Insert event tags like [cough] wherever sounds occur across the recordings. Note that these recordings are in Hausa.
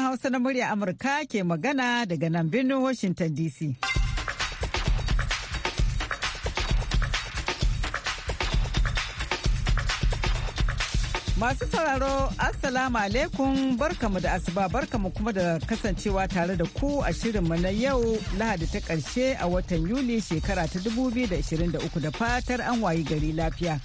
sashen Hausa na murya Amurka ke magana daga nan birnin Washington DC. Masu sauraro, Assalamu alaikum barkamu da asuba barkamu kuma da kasancewa tare da ku a shirinmu na yau lahadi ta ƙarshe a watan Yuli shekara ta 2023 da fatar an wayi gari lafiya.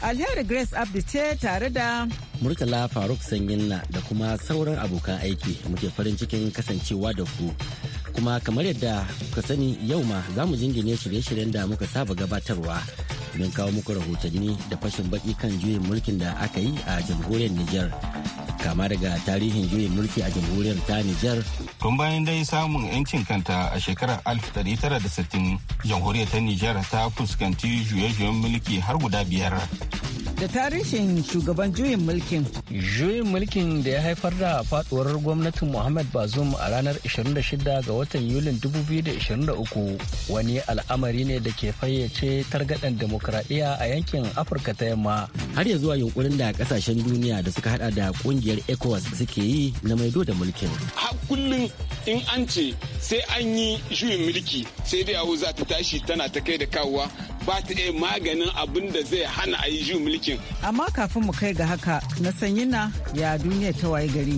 Alheri Grace Abdi ce tare da Murtala Faruk Sanyinna da kuma sauran abokan aiki muke farin cikin kasancewa da ku kuma kamar yadda kuka sani yau ma za mu jingine shirye-shiryen da muka saba gabatarwa don kawo muku rahotanni da fashin baki kan juyin mulkin da aka yi a jamhuriyar Nijar. kama daga tarihin juyin mulki a jamhuriyar ta Nijar. Tun bayan dai samun 'yancin kanta a shekarar 1960 jamhuriyar ta Nijar ta fuskanci juye-juyen mulki har guda biyar. da tarihin shugaban juyin mulkin. Juyin mulkin da ya haifar da faduwar gwamnatin Muhammad Bazoum a ranar 26 ga watan Yulin 2023 wani al'amari ne da ke fayyace targaɗen demokradiyya a yankin Afirka ta yamma. Har ya zuwa yunkurin da kasashen duniya da suka hada da kungiyar ECOWAS suke yi na maido da mulkin. Har kullum in an ce sai an yi juyin mulki sai dai a za ta tashi tana ta kai da kawowa ba ta iya maganin abin da zai hana a yi mulkin. Amma kafin mu kai ga haka na sanyina ya duniya ta waye gari.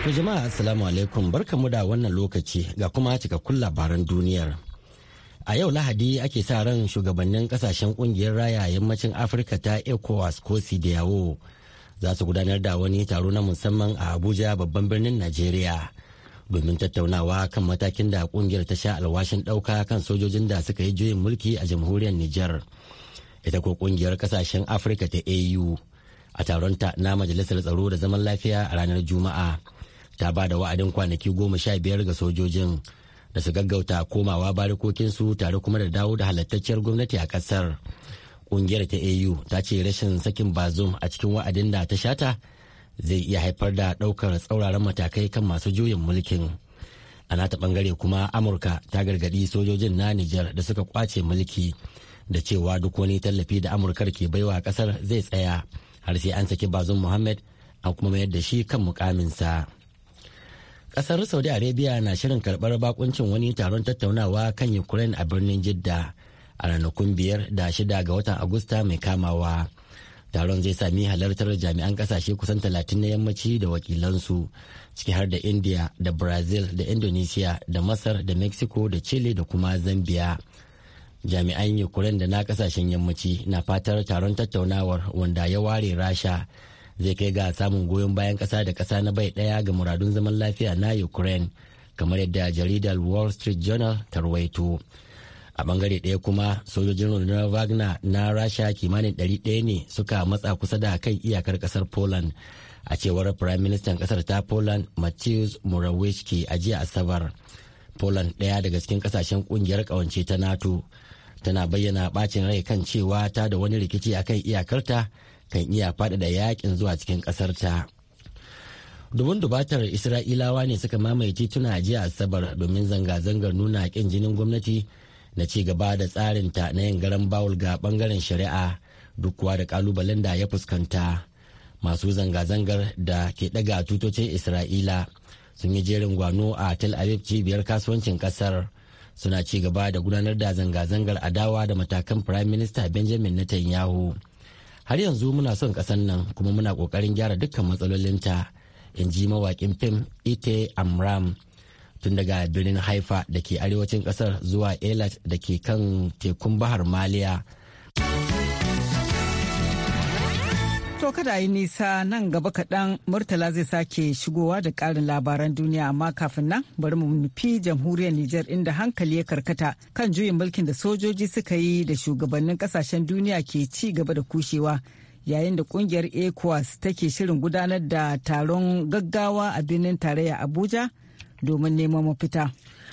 ku jama'a assalamu alaikum barkamu da wannan lokaci ga kuma cikakkun labaran duniyar. A yau Lahadi ake sa ran shugabannin kasashen kungiyar raya yammacin Afirka ta ECOWAS ko yawo za su gudanar da wani taro na musamman a Abuja babban birnin Najeriya domin tattaunawa kan matakin da kungiyar ta sha alwashin ɗauka kan sojojin da suka yi juyin mulki a jamhuriyar Nijar. Ita ko kungiyar kasashen Afirka ta AU a taron ta na Majalisar Tsaro da Zaman Lafiya a ranar Juma'a ta ba da wa'adin kwanaki goma sha biyar ga sojojin da su gaggauta komawa barikokinsu tare kuma da dawo da halattacciyar gwamnati a ƙasar. Kungiyar ta AU ta ce rashin sakin bazum a cikin wa'adin da ta shata zai iya haifar da ɗaukar tsauraran matakai kan masu juyin mulkin a nata bangare kuma amurka ta gargadi sojojin na nijar da suka kwace mulki da cewa duk wani tallafi da amurkar ke baiwa kasar zai tsaya har sai an saki bazun muhammad an kuma mayar da shi kan mukaminsa kasar saudi arabia na shirin karbar bakuncin wani taron tattaunawa kan ukraine a birnin jidda a ranakun biyar da shida ga watan agusta mai kamawa taron zai sami halartar jami'an kasashe kusan talatin na yammaci da wakilansu ciki har da india da brazil da indonesia da masar da mexico da chile da kuma zambia jami'an ukraine da na kasashen yammaci na fatar taron tattaunawar wanda ya ware rasha zai kai ga samun goyon bayan kasa da kasa na bai daya ga muradun zaman lafiya na ukraine kamar yadda jaridar wall street journal ta ruwaito. a bangare ɗaya kuma sojojin rundunar wagner na rasha kimanin 100 ne suka matsa kusa da kan iyakar ƙasar poland a cewar prime minister kasar ta poland matthews morawiecki a jiya asabar poland ɗaya daga cikin ƙasashen ƙungiyar ƙawance ta nato tana bayyana bacin rai kan cewa ta da wani rikici akan iyakarta kan iya faɗaɗa yakin zuwa cikin ƙasarta. ta dubun dubatar isra'ilawa ne suka mamaye tituna jiya asabar domin zanga-zangar nuna ƙin jinin gwamnati na ci gaba da tsarinta na yin garan bawul ga bangaren shari'a duk kuwa da kalubalen da ya fuskanta masu zanga-zangar da ke daga tutocin isra'ila sun yi jerin gwano a tel aviv cibiyar kasuwancin kasar suna ci gaba da gudanar da zanga-zangar adawa da matakan prime minister benjamin netanyahu har yanzu muna son kasar nan kuma muna kokarin gyara dukkan matsalolinta in ji mawakin fim ite amram tun daga birnin haifa da ke arewacin kasar zuwa elat da ke kan tekun bahar maliya To kada yi nisa nan gaba kaɗan Murtala zai sake shigowa da ƙarin labaran duniya amma kafin nan bari mu nufi jamhuriyar Nijar inda hankali ya karkata kan juyin mulkin da sojoji suka yi da shugabannin ƙasashen duniya ke ci gaba da kushewa yayin da ƙungiyar ECOWAS take shirin gudanar da taron gaggawa a birnin tarayya Abuja. domin neman mafita.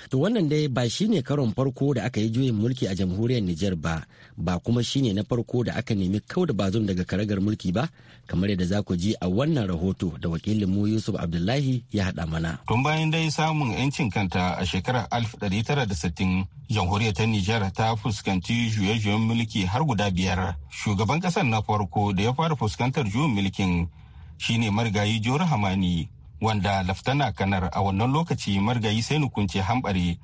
To wannan dai ba shi ne karon farko da aka yi juyin mulki a jamhuriyar Nijar ba, ba kuma shi ne na farko da aka nemi kau da bazum daga karagar mulki ba, kamar yadda za ku ji a wannan rahoto da wakilin mu Yusuf Abdullahi ya haɗa mana. Tun bayan dai samun 'yancin kanta a shekarar 1960, jamhuriyar ta Nijar ta fuskanci juye-juyen mulki har guda biyar. Shugaban ƙasar na farko da ya fara fuskantar juyin mulkin shine marigayi Jori Hamani. wanda laftana kanar a wannan lokaci margayi sai nukunce hambare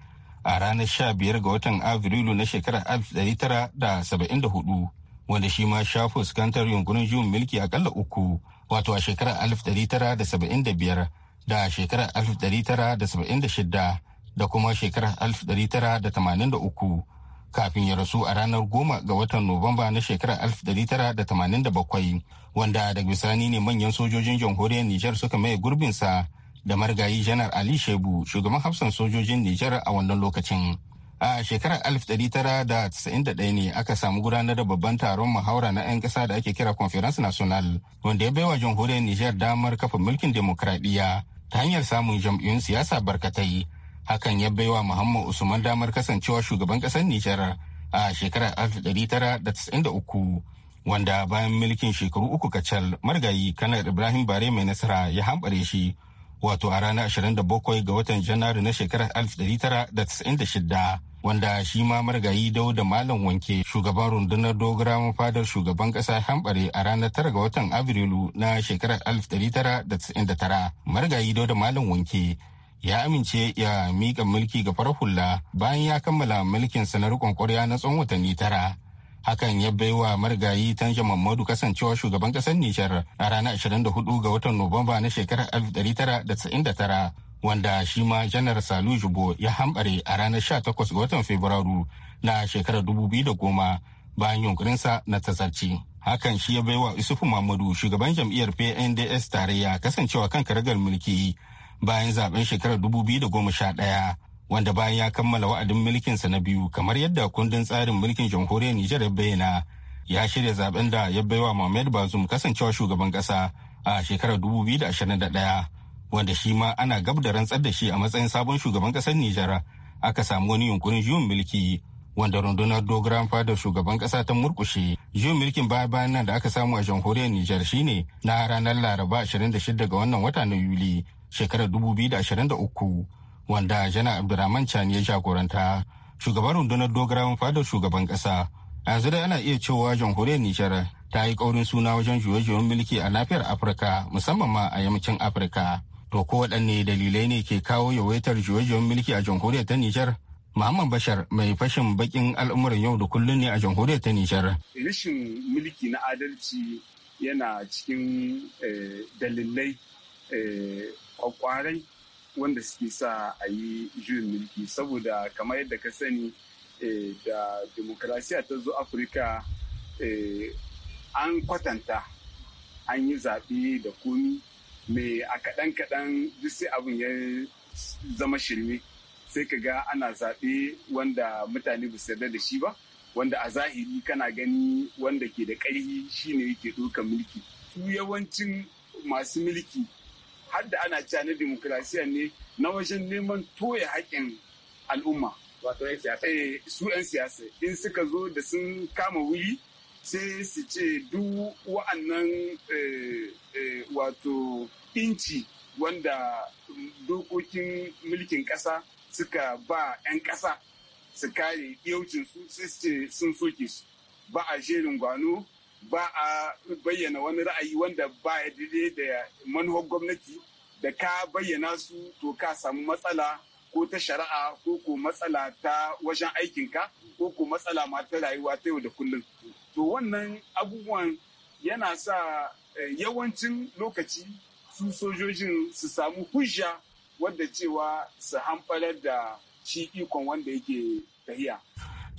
a ranar 15 ga watan afrilu na shekarar 1974 wanda shi ma sha fuskantar yunkurin juyin mulki akalla uku wato a shekarar 1975 da shekarar 1976 da kuma shekarar 1983 kafin ya rasu a ranar goma ga watan Nuwamba na shekarar 1987 wanda da bisani ne manyan sojojin jamhuriyar Nijar suka maye sa da margayi janar Ali Shebu shugaban hafsan sojojin Nijar a wannan lokacin. A shekarar 1991 ne aka samu gudanar da babban taron muhawara na 'yan ƙasa da ake kira Conference National wanda ya baiwa jamhuriyar Nijar damar kafa mulkin demokradiyya ta hanyar samun jam'iyyun siyasa barkatai hakan ya baiwa muhammad usman damar kasancewa shugaban ƙasar nijar a shekarar 1993 wanda bayan mulkin shekaru uku kacal margayi kanar ibrahim bare mai nasara ya hambare shi wato a ranar 27 ga watan janairu na shekarar 1996 wanda shi ma margayi dauda malam wanke shugaban rundunar dogara fadar shugaban kasa hambare a ranar 9 ga watan afrilu na shekarar 1999 margayi dauda malam wanke ya amince ya mika mulki ga farar bayan ya kammala sa na rikon ƙwarya na tsawon watanni tara. hakan ya baiwa marigayi tanja mamadu kasancewa shugaban ƙasar nijar a ranar 24 ga watan nuwamba na shekarar 1999 wanda shi ma janar salu jubo ya hambare a ranar 18 ga watan fabrairu na shekarar 2010 bayan yunkurinsa na tazarci hakan shi ya baiwa isufu mamadu shugaban jam'iyyar pnds tarayya kasancewa kan karagar mulki bayan zaben shekarar 2011 wanda bayan ya kammala wa'adin mulkinsa na biyu kamar yadda kundin tsarin mulkin jamhuriyar Nijar ya bayyana ya shirya zaben da ya baiwa Mohamed Bazoum kasancewa shugaban kasa a shekarar 2021 wanda shi ma ana gab da rantsar da shi a matsayin sabon shugaban kasar Nijar aka samu wani yunkurin juyin mulki wanda rundunar dogaran fadar shugaban kasa ta murkushe juyin mulkin baya bayan nan da aka samu a jamhuriyar Nijar shine na ranar Laraba 26 ga wannan wata na Yuli shekarar 2023 wanda jana abdurrahman chani ya jagoranta shugaban rundunar dogarawan fadar shugaban kasa yanzu dai ana iya cewa jamhuriyar nijar ta yi kaurin suna wajen juye-juyen mulki a nafiyar afirka musamman ma a yammacin afirka to ko waɗanne dalilai ne ke kawo yawaitar juye-juyen mulki a jamhuriyar ta nijar Muhammad Bashar mai fashin bakin al'umuran yau da kullun ne a jamhuriyar ta Nijar. Rashin mulki na adalci yana cikin eh, dalilai eh, kwakwarai wanda suke sa a yi juyin mulki saboda kamar yadda ka sani eh, da demokrasiya ta zo afirka eh, an kwatanta an yi zaɓe da komi mai a kaɗan-kaɗan duk sai abin ya zama shirme sai ka ga ana zaɓe wanda mutane ba su da shi ba wanda a zahiri kana gani wanda ke da ƙarfi shine yake ɗaukar mulki su yawancin masu mulki har da ana cewa na demokrasiya ne na wajen neman toya haƙƙin al'umma. Wato 'yan siyasa. Eh, su 'yan siyasa. In suka zo da sun kama wuri sai su ce duk wa'annan eh, eh, wato inci wanda dokokin mulkin ƙasa suka ba 'yan ƙasa su kare yaucinsu sai su ce sun soke su. Ba a jerin gwano ba a bayyana wani ra'ayi wanda ba ya daidai da manuwar gwamnati da ka bayyana su to ka samu matsala ko ta shari'a ko ko matsala ta wajen aikinka ko ko matsala ma ta rayuwa ta yau da kullum to wannan abubuwan yana sa eh, yawancin lokaci su sojojin su samu hujja wadda cewa su hamfalar da shi ikon wanda yake tahiya.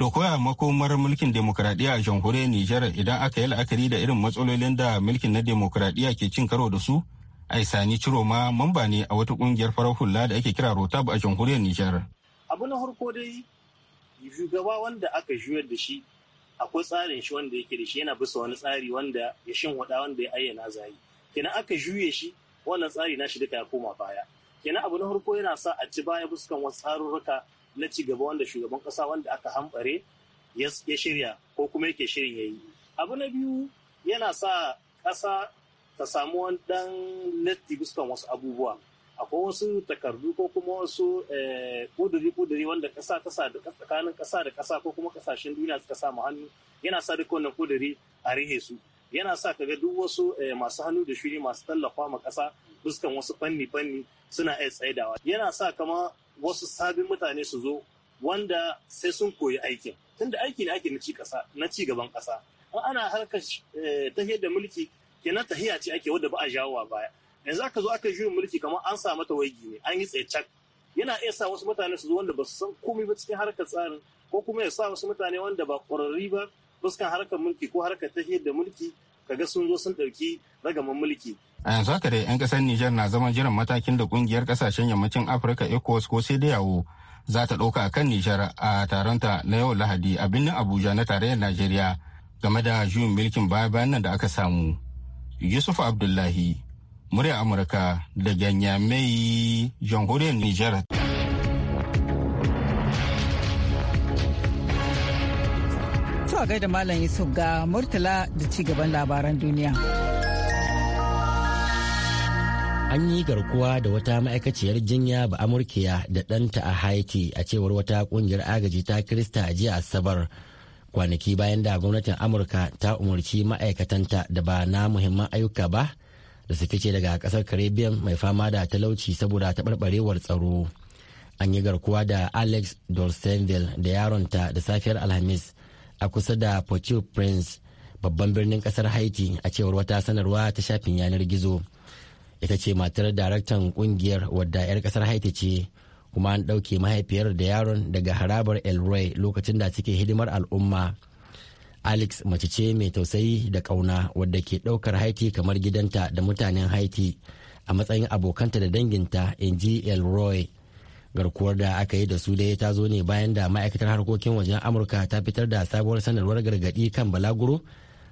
To koya makomar mulkin demokuraɗiyya a jamhuriyar Nijar idan aka yi la'akari da irin matsalolin da mulkin na demokuraɗiyya ke cin karo da su? Aisani ma mamba ne a wata kungiyar farar hula da ake kira Rotab a jamhuriyar Nijar. Abu na harko dai shugaba wanda aka juyar da shi akwai tsarin shi wanda yake da shi yana bisa wani tsari wanda ya shin wada wanda ya ayyana zai. kina aka juye shi wannan tsari na shi duka ya koma baya. Kenan abu na harko yana sa a ci baya buskan wasu tsarurruka na ci gaba wanda shugaban kasa wanda aka hambare ya shirya ko kuma yake shirin ya yi abu na biyu yana sa kasa ta samu dan latti buskan wasu abubuwa akwai wasu takardu ko kuma wasu kuduri-kuduri eh, wanda kasa ta sa tsakanin kasa da kasa ko kuma kasashen duniya suka samu hannu yana sa duk wannan kuduri a rihe su yana sa kaga duk wasu eh, masu hannu da shuri masu tallafa ma kasa buskan wasu fanni-fanni suna iya tsaidawa yana sa kama wasu sabin mutane su zo wanda sai sun koyi aikin tunda aiki ne ake na ci kasa na ci gaban kasa ana harkar eh, tahiyar da mulki kenan tahiya ce ake wadda ba a jawowa baya yanzu aka zo aka juyin mulki kamar an sa mata waigi ne an yi tsaye cak yana iya sa wasu mutane su zo wanda ba su san komai ba cikin harkar tsarin ko kuma ya sa wasu mutane wanda ba ƙwararri ba fuskan harkar mulki ko harkar tahiyar da mulki kaga sun zo sun ɗauki ragaman mulki a yanzu haka dai 'yan kasar niger na zaman jiran matakin da kungiyar kasashen yammacin afirka ecowas ko sai da yawo za ta ɗauka kan niger a taronta na yau lahadi a birnin abuja na tarayyar najeriya game da juyin milkin baya bayan nan da aka samu yusuf abdullahi murya amurka daga nyamai jamhuriyar niger zuwa gaida Malam Yusuf ga Murtala da ci gaban labaran duniya. an yi garkuwa da wata ma'aikaciyar jinya ba amurkiya da ɗanta a haiti a cewar wata ƙungiyar agaji ta krista a jiya asabar kwanaki bayan da gwamnatin amurka ta umarci ma'aikatanta da ba na muhimman ayyuka ba da su fice daga ƙasar caribbean mai fama da talauci saboda taɓarɓarewar tsaro an yi garkuwa da alex dorsenville da yaronta da safiyar alhamis a kusa da port prince babban birnin ƙasar haiti a cewar wata sanarwa ta shafin yanar gizo. ita ce matar daraktan kungiyar wadda 'yar kasar haiti ce kuma an ɗauke mahaifiyar da yaron daga harabar el roy lokacin da suke hidimar al'umma alex mace ce mai tausayi da ƙauna wadda ke ɗaukar haiti kamar gidanta da mutanen haiti a matsayin abokanta da danginta in ji el roy garkuwar da aka yi da su dai ta zo ne bayan da ma'aikatar harkokin wajen amurka ta fitar da sabuwar sanarwar gargaɗi kan balaguro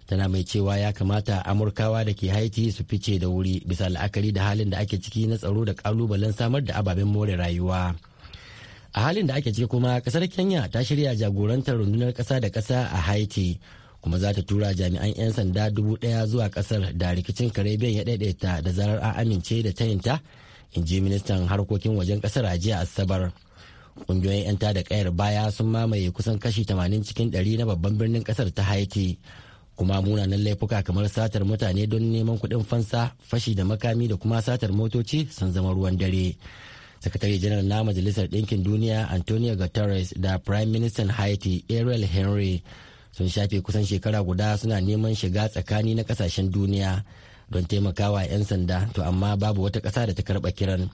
tana mai cewa ya kamata amurkawa da ke haiti su fice da wuri bisa la'akari da halin da ake ciki na tsaro da kalubalen samar da ababen more rayuwa a halin da ake ciki kuma kasar kenya ta shirya jagorantar rundunar kasa da kasa a haiti kuma za ta tura jami'an 'yan sanda dubu daya zuwa kasar da rikicin karibiyan ya daidaita da zarar an amince da tayinta in ji ministan harkokin wajen kasar a jiya asabar ƙungiyoyin 'yan da kayar baya sun mamaye kusan kashi 80 cikin 100 na babban birnin kasar ta haiti kuma munanan laifuka kamar satar mutane don neman kuɗin fansa fashi da makami da kuma satar motoci sun zama ruwan dare sakatare janar na majalisar ɗinkin duniya antonio guterres da prime minister haiti ariel henry sun shafe kusan shekara guda suna neman shiga tsakani na kasashen duniya don taimakawa 'yan sanda to amma babu wata ƙasa da ta karɓa kiran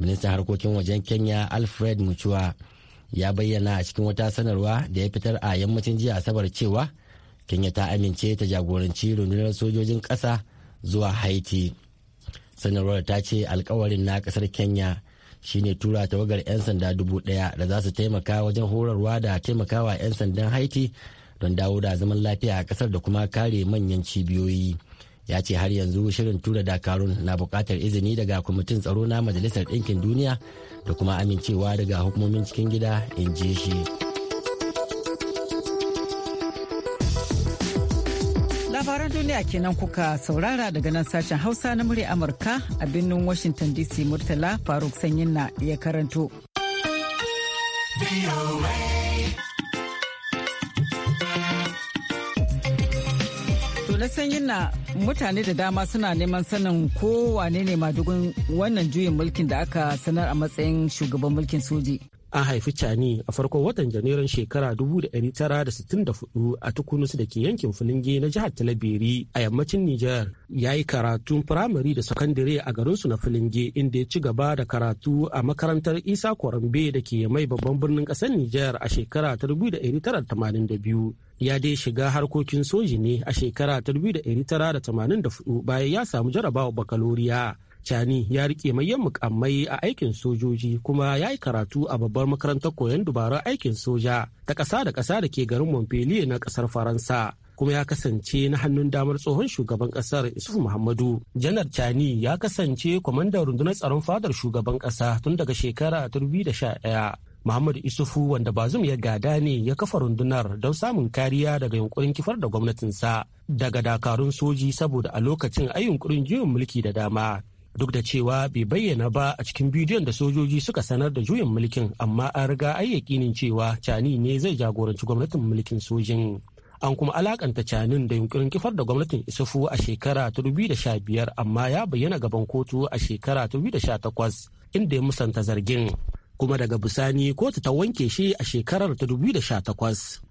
ministan harkokin wajen kenya alfred muchua ya bayyana a cikin wata sanarwa da ya fitar a yammacin jiya asabar cewa kenya ta amince ta jagoranci rundunar sojojin ƙasa zuwa haiti sanarwar ta ce alkawarin na ƙasar kenya shine tura tawagar 'yan sanda dubu ɗaya da za su taimaka wajen horarwa da taimakawa 'yan sandan haiti don dawo da zaman lafiya a ƙasar da kuma kare manyan cibiyoyi ya ce har yanzu shirin tura dakarun na bukatar izini daga kwamitin tsaro na majalisar ɗinkin duniya da kuma amincewa daga hukumomin cikin gida in je shi. Najeriya kenan kuka saurara daga nan sashen Hausa na murya Amurka a birnin Washington DC Murtala Faruk Sanyin na ya karanto. na sanyin na mutane da dama suna neman sanin kowane ne madugun wannan juyin mulkin da aka sanar a matsayin shugaban mulkin soji. an haifi cani a farkon watan janairun shekara 1964 a tukunus da ke yankin filinge na jihar talabiri a yammacin nijar ya yi karatun firamare da sakandare a garinsu na filinge inda ya ci gaba da karatu a makarantar isa kwarambe da ke mai babban birnin ƙasar nijar a shekara 1982 ya dai shiga harkokin soji ne a shekara 1984 bayan ya samu jarabawa bakaloriya Chani ya rike mayan mukammai a aikin sojoji kuma ya yi karatu a babbar makarantar koyon dubarar aikin soja ta ƙasa da ƙasa da ke garin Montpellier na ƙasar Faransa. kuma ya kasance na hannun damar tsohon shugaban kasar isufu muhammadu janar chani ya kasance kwamandan rundunar tsaron fadar shugaban kasa tun daga shekara 2011 muhammadu isufu wanda bazum ya gada ne ya kafa rundunar don samun kariya daga yunkurin kifar da gwamnatinsa daga dakarun soji saboda a lokacin ayyunkurin juyin mulki da dama duk da cewa bai bayyana ba a cikin bidiyon da sojoji suka sanar da juyin mulkin amma an riga ayi yakinin cewa cani ne zai jagoranci gwamnatin mulkin sojin an kuma alakanta canin da yunkurin kifar da gwamnatin isufu a shekara ta biyar amma ya bayyana gaban kotu a shekara ta takwas inda ya musanta zargin kuma daga bisani kotu ta wanke shi a shekarar ta 2018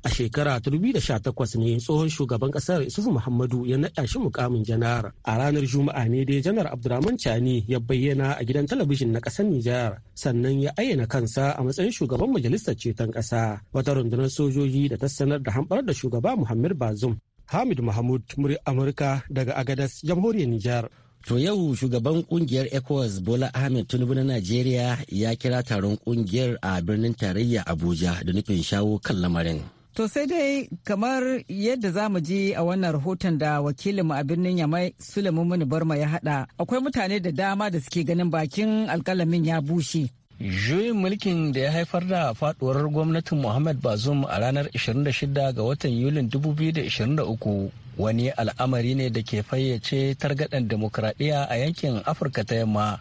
a shekara ta 2018 ne tsohon shugaban kasar isufu muhammadu ya naɗa shi mukamin janar a ranar juma'a ne dai janar abdurrahman chani ya bayyana a gidan talabijin na ƙasar nijar sannan ya ayyana kansa a matsayin shugaban majalisar ceton Ƙasa. wata rundunar sojoji da ta sanar da hamɓar da shugaba muhammad bazum hamid mahmud muri amurka daga agadas jamhuriyar nijar To yau shugaban kungiyar ECOWAS Bola Ahmed Tinubu na Najeriya ya kira taron kungiyar a birnin tarayya Abuja da nufin shawo kan lamarin. To sai dai kamar yadda za mu ji a wannan rahoton da wakilinmu a birnin Yamai Suleiman Barma ya hada akwai mutane da dama da suke ganin bakin alkalamin ya bushe. Juyin mulkin da ya haifar da faduwar gwamnatin Muhammad Bazoum a ranar 26 ga watan Yulin 2023 wani al'amari ne da ke fayyace targaɗen demokradiyya a yankin afirka ta yamma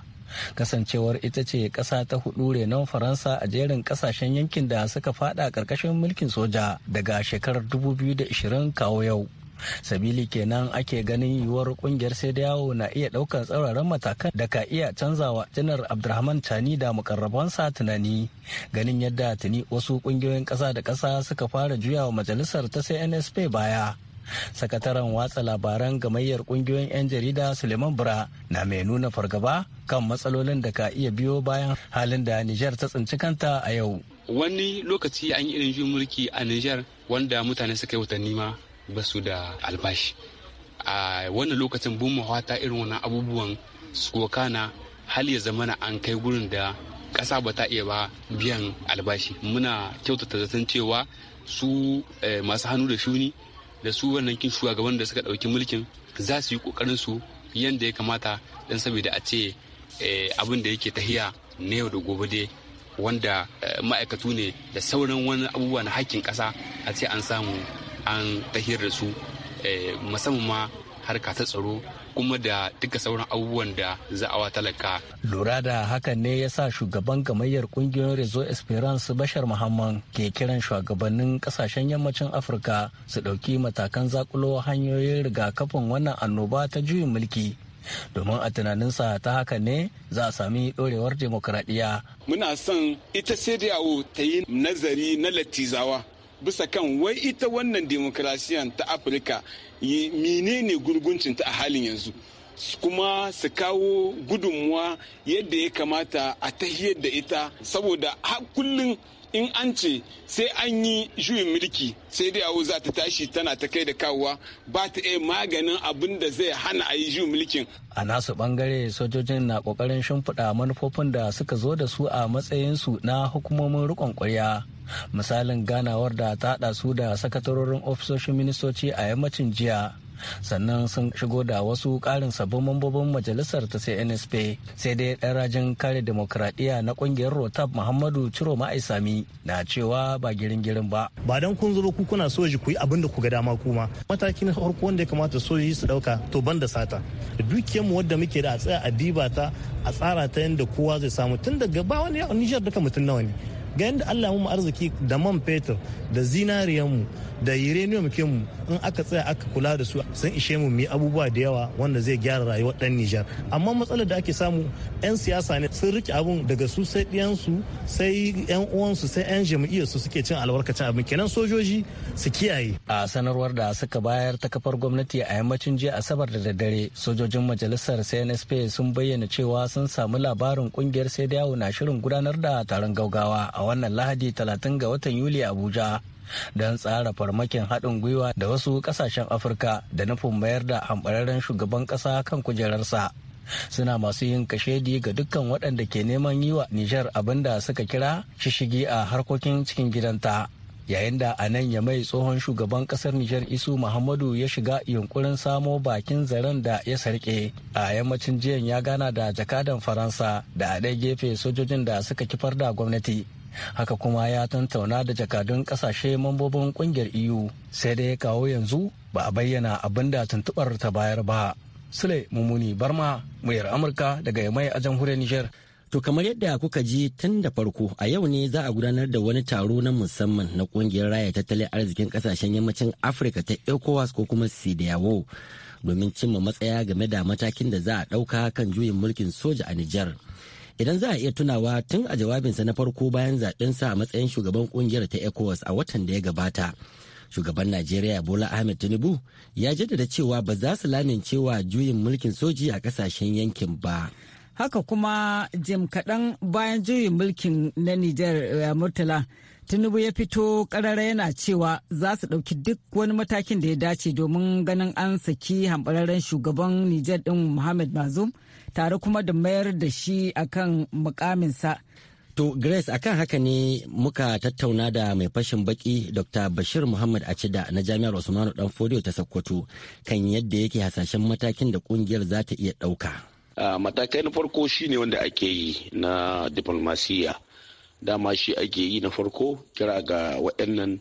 kasancewar ita ce ƙasa ta hudu renon faransa a jerin kasashen yankin da suka fada ƙarƙashin mulkin soja daga shekarar 2020 kawo yau sabili kenan ake ganin yiwuwar kungiyar sai da yawo na iya ɗaukar tsauraran matakan da ka iya canzawa janar abdulrahman tani da mukarrabansa tunani ganin yadda tuni wasu kungiyoyin ƙasa da ƙasa suka fara juyawa majalisar ta cnsp baya sakataren watsa labaran gamayyar kungiyoyin 'yan jarida suleiman bura na mai nuna fargaba kan matsalolin da ka iya biyo bayan halin da nijar ta tsinci kanta a yau wani lokaci an yi irin juyin mulki a nijar wanda mutane suka yi watanni ma ba su da albashi a wannan lokacin bin mahwata irin wannan abubuwan su hal ya zama na an kai gurin da ƙasa ba ta iya ba biyan albashi muna kyautata zaton cewa su eh, masu hannu da shuni da su wannan kin shugaban da suka ɗauki mulkin za su yi ƙoƙarin su yadda ya kamata dan saboda a ce eh, abin da yake tahiya na yau da gobe dai wanda eh, ma'aikatu ne da sauran wani abubuwa na hakkin kasa a ce an samu an tahiyar da su eh, musamman ma harka ta tsaro kuma da duka sauran abubuwan da za a talaka. Lura da hakan ne ya sa shugaban gamayyar kungiyoyin Rezo Esperance Bashar Muhammad ke kiran shugabannin kasashen yammacin Afirka su ɗauki matakan zakulo hanyoyin rigakafin wannan annoba ta juyin mulki domin a tunaninsa ta haka ne za a sami ɗorewar demokuraɗiyya. Muna son ita CDAO ta yi nazari na latizawa bisa kan wai ita wannan demokrasiyan ta afirka menene gurguncinta a halin yanzu kuma su kawo gudunmuwa yadda ya kamata a tahiyar da ita saboda kullum in an ce sai an yi juyin mulki sai dai awo za ta tashi tana ta kai da kawowa ba ta iya maganin abin da zai hana a yi juyin mulkin. A nasu bangare sojojin na kokarin shimfiɗa manufofin da suka zo da su a matsayinsu na hukumomin riƙon ƙwarya misalin ganawar da ta hada su da sakatarorin ofisoshin ministoci a yammacin jiya sannan sun shigo da wasu karin sabbin mambobin majalisar ta nsp sai dai ɗan rajin kare demokradiyya na ƙungiyar rotab muhammadu ciro ma'aisami na cewa ba girin-girin ba ba don kun zo ku kuna soji ku yi abin da ku ga dama kuma matakin farko wanda ya kamata soji su ɗauka to ban da sata dukiyar wadda muke da a tsaya a diba ta a tsara ta yadda kowa zai samu tun daga ba wani nijar duka mutum nawa ne ga yadda Allah mu arziki da man fetur da zinariyanmu da uranium kinmu in aka tsaya aka kula da su sun ishe mu mi abubuwa da yawa wanda zai gyara rayuwar dan Nijar amma matsalar da ake samu yan siyasa ne sun rike abun daga su sai ɗiyansu sai yan uwansu sai yan jam'iyyarsu su suke cin albarkacin abin kenan sojoji su kiyaye a sanarwar da suka bayar ta kafar gwamnati a yammacin jiya asabar da daddare sojojin majalisar CNSP sun bayyana cewa sun samu labarin kungiyar sai da yawo na shirin gudanar da taron gaugawa a wannan lahadi 30 ga watan yuli abuja don tsara farmakin haɗin gwiwa da wasu ƙasashen afirka da nufin mayar da hambararren shugaban ƙasa kan kujerarsa suna masu yin kashedi ga dukkan waɗanda ke neman yi wa nijar abin da suka kira shishigi a harkokin cikin gidanta yayin da a nan ya mai tsohon shugaban ƙasar nijar isu muhammadu ya shiga yunkurin samo bakin zaren da ya sarke a yammacin jiyan ya gana da jakadan faransa da a ɗaya gefe sojojin da suka kifar da gwamnati haka kuma ya tantauna da jakadun kasashe mambobin kungiyar eu sai dai kawo yanzu ba a bayyana abin da tuntubar ta bayar ba sule mummuni barma muyar amurka daga yamai a jamhuriyar nijar. To kamar yadda kuka ji tun da farko a yau ne za a gudanar da wani taro na musamman na kungiyar raya tattalin arzikin kasashen yammacin Afirka ta ECOWAS ko kuma CEDEAO domin cimma matsaya game da matakin da za a ɗauka kan juyin mulkin soja a Nijar. idan za a iya tunawa tun a jawabinsa na farko bayan zaɓensa a matsayin shugaban ƙungiyar ta ecowas a watan da ya gabata shugaban najeriya bola ahmed tinubu ya jaddada cewa ba za su lamincewa juyin mulkin soji a ƙasashen yankin ba haka kuma jim kaɗan bayan juyin mulkin na nijar eh, murtala Tinubu ya fito karara yana cewa za su ɗauki duk wani matakin da ya dace domin ganin an saki hambararren shugaban Nijar ɗin Muhammad Bazoum tare kuma da mayar da shi akan mukaminsa. To Grace akan haka ne muka tattauna da mai fashin baki Dr. Bashir Muhammad Acida na Jami'ar Usmanu Danfodiyo ta Sokoto kan yadda yake hasashen matakin da kungiyar za ta iya ɗauka. Uh, matakai na farko shine wanda ake yi na diplomasiya dama shi ake yi na farko kira ga waɗannan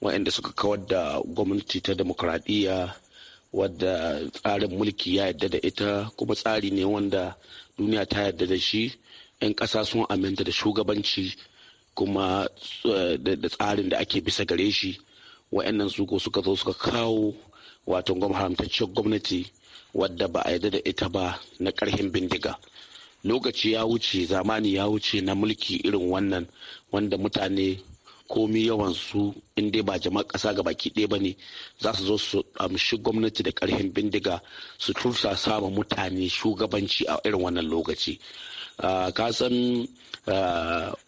waɗanda suka kawar da gwamnati ta demokradiyya wadda tsarin mulki ya yadda da ita kuma tsari ne wanda duniya ta yadda da shi 'yan ƙasa sun aminta da shugabanci kuma eh, da tsarin da ake bisa gare shi waɗannan suko suka zo suka kawo wato haramtacciyar gwamnati wadda ba a yadda da ita ba na ƙarhin bindiga lokaci ya wuce zamani ya wuce na mulki irin wannan wanda mutane komi yawan su in dai ba jama'a kasa ga baki ɗaya ba ne za su zo su amshi gwamnati da ƙarfin bindiga su tursa sama mutane shugabanci a irin wannan lokaci ka san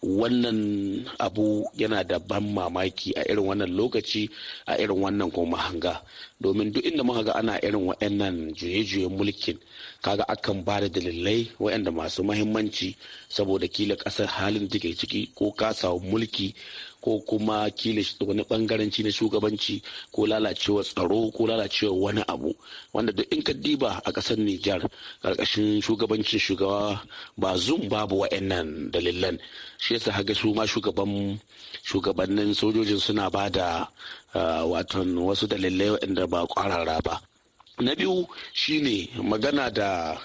wannan abu yana da ban mamaki a irin wannan lokaci a irin wannan kuma hanga domin duk inda muka ga ana irin wa'annan juye-juyen mulkin kaga akan ba da dalilai waɗanda masu mahimmanci saboda kila kasar halin da ciki ko ka samu mulki ko kuma kila wani bangaranci na shugabanci ko lalacewa tsaro ko lalacewa wani abu wanda duk in ka diba a kasar Nijar ƙarƙashin shugabancin shugaba ba zum babu waɗannan dalilan shi yasa haga su ma shugaban shugabannin sojojin suna ba da ah, waton wasu dalilai waɗanda ba ƙwarara ba na biyu shine magana da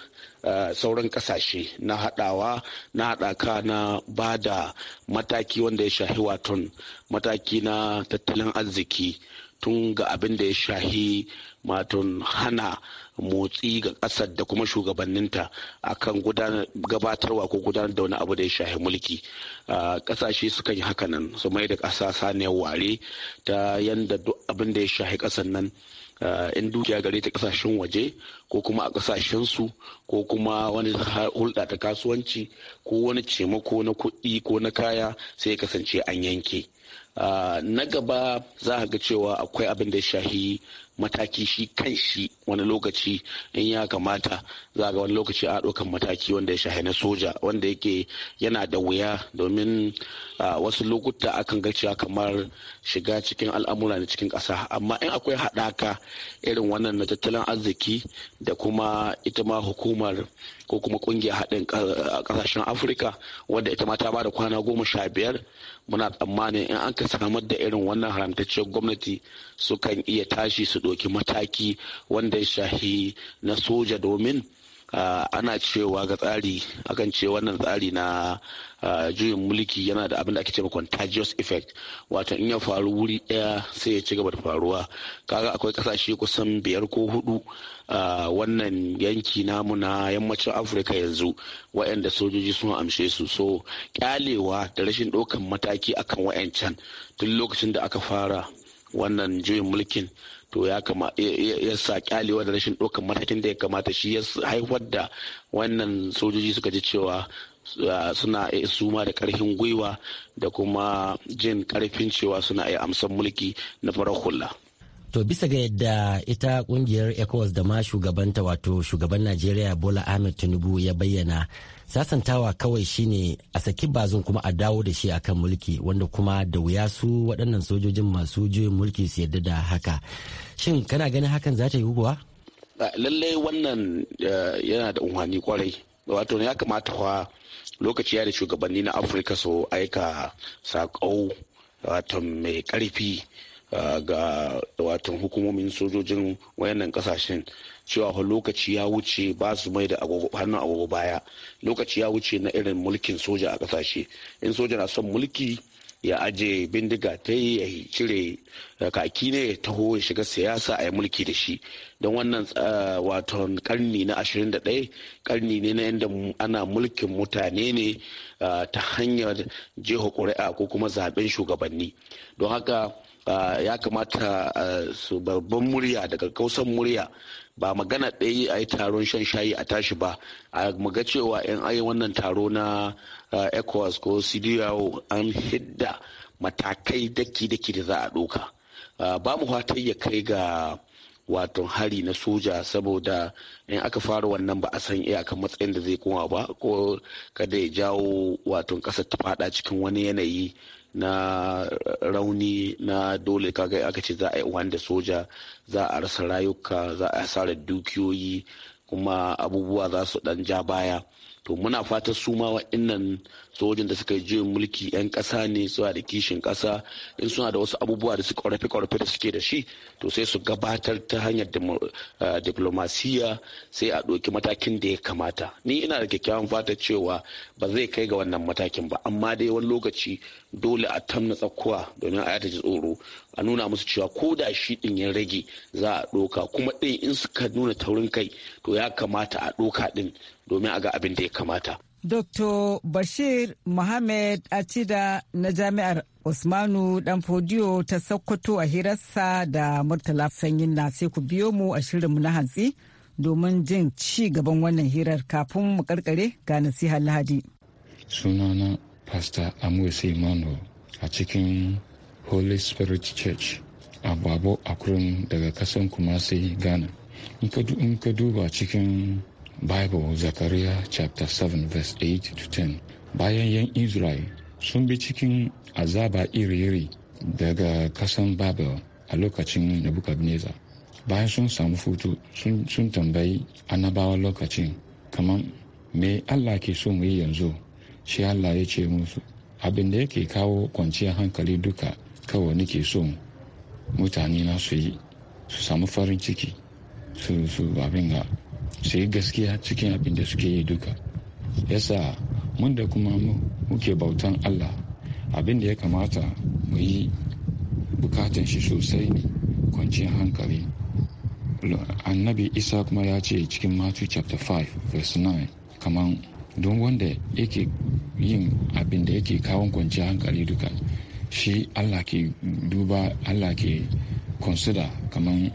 Uh, sauran kasashe na hadawa na hadaka na ba da mataki wanda ya shahi waton mataki na tattalin arziki tun ga abin da ya shahi matun hana motsi ga kasar da kuma shugabanninta kan gabatarwa ko gudanar da wani abu da ya shahi mulki kasashe eh, su sukan yi hakanan su mai da ƙasa saniyar ware ta yadda duk abin da ya shahi ƙasar nan Eh, in dukiya gare ta kasashen waje ko kuma a kasashen su ko kuma wani hulɗa ta kasuwanci ko wani cemako na kuɗi ko na kaya sai ya kasance an yanke eh, na gaba za a ga cewa akwai abin da shahi mataki shi kan shi wani lokaci in ya kamata za ga wani lokaci a ɗaukan mataki wanda ya shahi na soja wanda yake yana da wuya domin wasu lokuta akan ga cewa kamar shiga cikin al'amura na cikin ƙasa amma in akwai haɗaka irin wannan na tattalin arziki da kuma ita ma hukumar ko kuma ƙungiyar haɗin ƙasashen afirka wanda ita ma ta ba da kwana goma sha biyar muna tsammanin in an ka samar da irin wannan haramtacciyar gwamnati sukan iya tashi su ɗauki mataki wanda da ya shahi na soja domin Uh, ana cewa ga tsari akan ce wannan tsari na uh, juyin mulki yana da abin da ake cewa contagious effect wato in ya faru wuri daya sai ya ci gaba da faruwa kaga akwai kasashe kusan biyar ko hudu uh, wannan yanki namu na yammacin afirka yanzu waɗanda sojoji sun amshe su so kyalewa da rashin ɗaukan mataki akan wayancan tun lokacin da aka fara wannan juyin mulkin to ya kama ya sa kyale da rashin ɗaukar matakin da ya kamata shi ya haifar da wannan sojoji suka ji cewa ah, suna suma da karfin gwiwa da kuma jin karfin cewa suna iya amsan mulki na farar hula. To bisa ga yadda ita kungiyar ECOWAS da ma shugabanta wato shugaban Najeriya Bola Ahmed Tinubu ya bayyana sasantawa kawai shine a saki bazan kuma a dawo da shi akan mulki wanda kuma da wuya su waɗannan sojojin masu juyin mulki su yarda da haka. Shin kana ganin hakan za ta yi kuwa? Lallai wannan eh, yana da unhani kwarai. Wato ya kamata wa lokaci ya da shugabanni na Afirka su aika saƙo wato mai ƙarfi ga watan hukumomin sojojin wayannan kasashen cewa lokaci ya wuce ba su mai da hannun agogo baya lokaci ya wuce na irin mulkin soja a kasashe in soja na son mulki ya aje bindiga ta yi ya cire kaki ne ya taho ya shiga siyasa a yi mulki da shi don wannan waton karni na 21 karni ne na yadda ana mulkin mutane ne ta hanyar jeho ƙuri'a ko kuma zaben shugabanni don haka Ah, ya kamata ah, su babban murya daga kausan murya ba magana ɗaya a yi taron shan shayi a tashi ba a maga cewa 'yan ayi wannan taro na ah, ecowas ko cdo an hidda matakai daki-daki da za a ɗoka ba mu ya kai ga wato hari na soja saboda in aka fara wannan ba a san iyakan matsayin da zai koma ba ko kada ya jawo wato ƙasa ta fada cikin wani yanayi na rauni na dole kaga aka ce za a yi wanda soja za a rasa rayuka za a hasarar dukiyoyi kuma abubuwa za su dan ja baya to muna fatan su ma wa'annan sojojin da suka je mulki 'yan ƙasa ne suna da kishin ƙasa in suna da wasu abubuwa da su ƙorafe ƙorafe da suke da shi to sai su gabatar ta hanyar eh, diplomasiya sai a ɗauki matakin da ya kamata ni ina da kyakkyawan fata cewa ba zai kai ga wannan matakin ba amma dai wani lokaci dole a tamna tsakuwa domin a ji tsoro a nuna musu cewa ko da shi ɗin ya rage za a ɗoka kuma ɗin in suka nuna taurin kai to ya kamata a ɗoka ɗin domin a ga abin da ya kamata. Dr. Bashir Mohammed Atida na Jami'ar Usmanu Danfodiyo ta Sokoto a hirarsa da Murtala Sanyin na sai ku biyo mu a shirinmu na hantsi domin jin ci gaban wannan hirar kafin mu karkare ga nasiha Lahadi. Sunana Pastor Amwese Emmanuel a cikin Holy Spirit Church a Babo Akurin daga kasan Kumasi, Ghana. In ka duba cikin Bible Zechariah chapter 7 verse 8 to 10 bayan yan Israel sun bi cikin azaba iri-iri daga kasan Babel a lokacin Nebuchadnezzar. Bayan sun samu futu sun tambayi anabawa lokacin kamar me Allah ke so mu yi yanzu shi Allah ya ce musu abin da yake kawo kwanciyar hankali duka kawai nake so mutane na su yi su samu farin ciki su su abin su yi gaskiya cikin abin da suke yi duka yasa mun da kuma muke bautan allah abin da ya kamata mu yi bukatan shi sosai ne kwanciyar hankali annabi isa kuma ya ce cikin matthew chapter 5 verse 9 kamar don wanda yake yin abin da yake kawon kwanciyar hankali duka shi allah ke duba allah ke consider kamar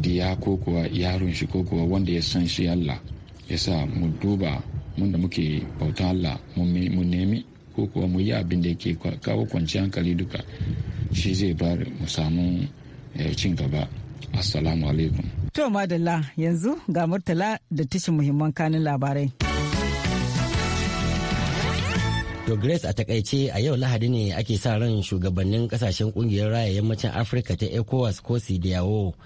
diya ko kuwa yaron shi ko kuwa wanda ya san shi Allah ya sa mu duba mun da muke bauta Allah mu nemi ko kuwa mu yi abin da yake kawo kwanciyar hankali duka shi zai bar mu samu eh, cin gaba assalamu alaikum to madalla yanzu ga murtala da tashin muhimman kanin labarai To Grace a takaice a yau Lahadi ne ake sa ran shugabannin kasashen kungiyar raya yammacin Afirka ta ECOWAS ko CDAO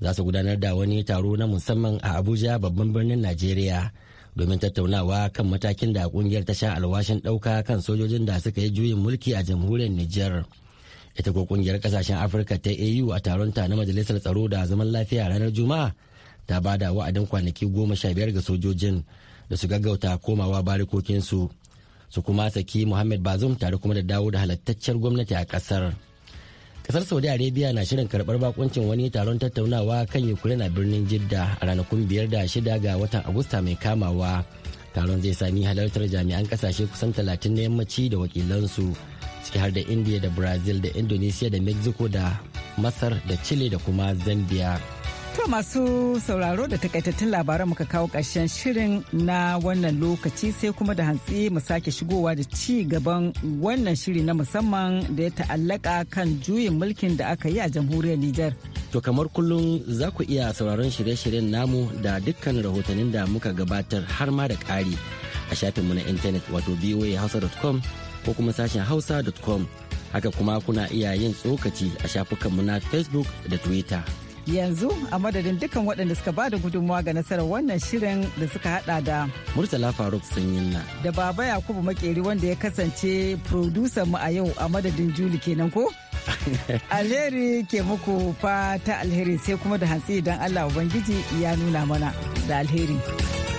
za su gudanar da wani taro na musamman a abuja babban birnin najeriya domin tattaunawa kan matakin da kungiyar ta sha alwashin ɗauka kan sojojin da suka yi juyin mulki a jamhuriyar niger ita ko kungiyar kasashen afirka ta au a taron ta na majalisar tsaro da zaman lafiya ranar juma'a ta ba da wa'adin kwanaki goma sha biyar ga sojojin da su gaggauta komawa barikokinsu su kuma saki muhammad bazum tare kuma da dawo da halattaccen gwamnati a kasar. kasar saudi arabia na shirin karbar bakuncin wani taron tattaunawa kan ukraine a birnin jidda a ranakun biyar da shida ga watan agusta mai kamawa taron zai sami halartar jami'an kasashe kusan talatin na yammaci da wakilansu ciki har da india da brazil da indonesia da mexico da masar da chile da kuma zambia To masu sauraro da takaitattun labaran muka kawo ƙarshen shirin na wannan lokaci sai kuma da hantsi mu sake shigowa da ci gaban wannan shiri na musamman da ya ta'allaka kan juyin mulkin da aka yi a jamhuriyar Nijar. To kamar kullum za ku iya sauraron shirye-shiryen namu da dukkan rahotannin da muka gabatar har ma da ƙari a shafinmu na intanet wato voahausa.com ko kuma sashen hausa.com haka kuma kuna iya yin tsokaci a shafukanmu na facebook da twitter yanzu a madadin dukkan waɗanda suka ba da gudunmawa ga nasarar wannan shirin da suka hada da murtala faruk na. da baba yakubu makeri wanda ya kasance producer mu a yau a madadin juli kenan ko [laughs] alheri ke muku ta alheri sai kuma da hantsi idan allah ubangiji ya nuna mana da alheri